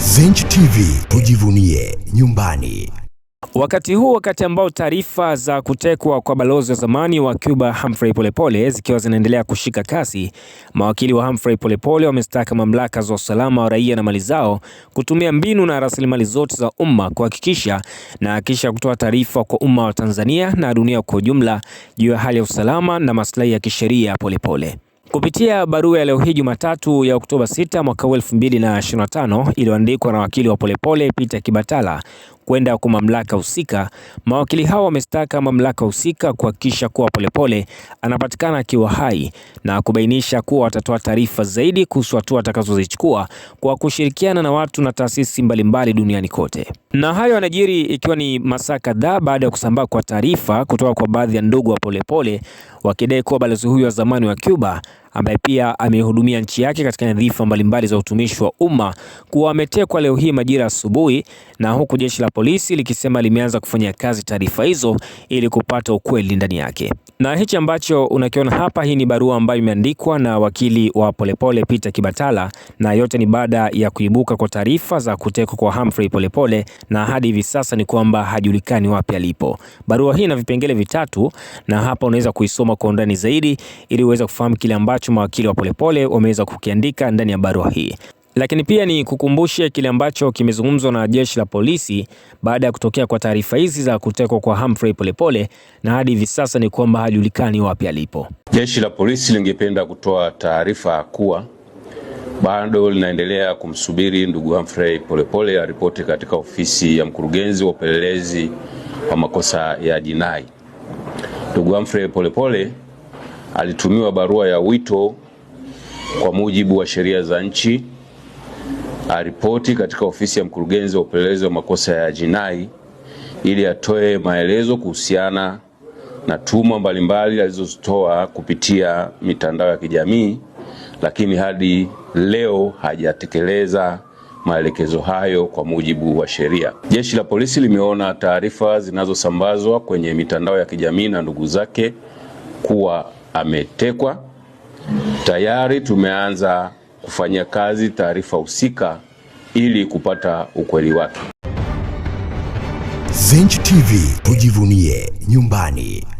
Zenj TV tujivunie nyumbani. Wakati huu wakati ambao taarifa za kutekwa kwa balozi wa zamani wa Cuba Humphrey Polepole zikiwa zinaendelea kushika kasi, mawakili wa Humphrey Polepole wamezitaka mamlaka za usalama wa raia na mali zao kutumia mbinu na rasilimali zote za umma kuhakikisha na kisha kutoa taarifa kwa umma wa Tanzania na dunia kwa ujumla juu ya hali ya usalama na maslahi ya kisheria ya Polepole. Kupitia barua ya leo hii Jumatatu ya Oktoba 6 mwaka 2025 iliyoandikwa na wakili wa Polepole Peter Kibatala kwenda kwa mamlaka husika, mawakili hao wamestaka mamlaka husika kuhakikisha kuwa Polepole anapatikana akiwa hai na kubainisha kuwa watatoa taarifa zaidi kuhusu hatua atakazozichukua kwa kushirikiana na watu na taasisi mbalimbali duniani kote. Na hayo yanajiri ikiwa ni masaa kadhaa baada ya kusambaa kwa taarifa kutoka kwa baadhi ya ndugu wa Polepole wakidai kuwa balozi huyo wa zamani wa Cuba ambaye pia amehudumia nchi yake katika nyadhifa mbalimbali za utumishi wa umma kuwa ametekwa leo hii majira asubuhi, na huku jeshi la polisi likisema limeanza kufanya kazi taarifa hizo ili kupata ukweli ndani yake. Na hichi ambacho unakiona hapa, hii ni barua ambayo imeandikwa na wakili wa Polepole Peter Kibatala, na yote ni baada ya kuibuka kwa taarifa za kutekwa kwa Humphrey Polepole, na hadi hivi sasa ni kwamba hajulikani wapi alipo. Barua hii ina vipengele vitatu, na hapa unaweza kuisoma kwa undani zaidi ili uweze kufahamu kile ambacho mawakili wa Polepole wameweza kukiandika ndani ya barua hii. Lakini pia ni kukumbushe kile ambacho kimezungumzwa na jeshi la polisi baada ya kutokea kwa taarifa hizi za kutekwa kwa Humphrey Polepole, na hadi hivi sasa ni kwamba hajulikani wapi alipo. Jeshi la polisi lingependa kutoa taarifa kuwa bado linaendelea kumsubiri ndugu Humphrey Polepole aripoti katika ofisi ya mkurugenzi wa upelelezi wa makosa ya jinai. Ndugu Humphrey Polepole alitumiwa barua ya wito kwa mujibu wa sheria za nchi aripoti katika ofisi ya mkurugenzi wa upelelezi wa makosa ya jinai ili atoe maelezo kuhusiana na tuma mbalimbali alizozitoa kupitia mitandao ya kijamii, lakini hadi leo hajatekeleza maelekezo hayo kwa mujibu wa sheria. Jeshi la polisi limeona taarifa zinazosambazwa kwenye mitandao ya kijamii na ndugu zake kuwa ametekwa. Tayari tumeanza kufanyia kazi taarifa husika ili kupata ukweli wake. Zenj TV tujivunie nyumbani.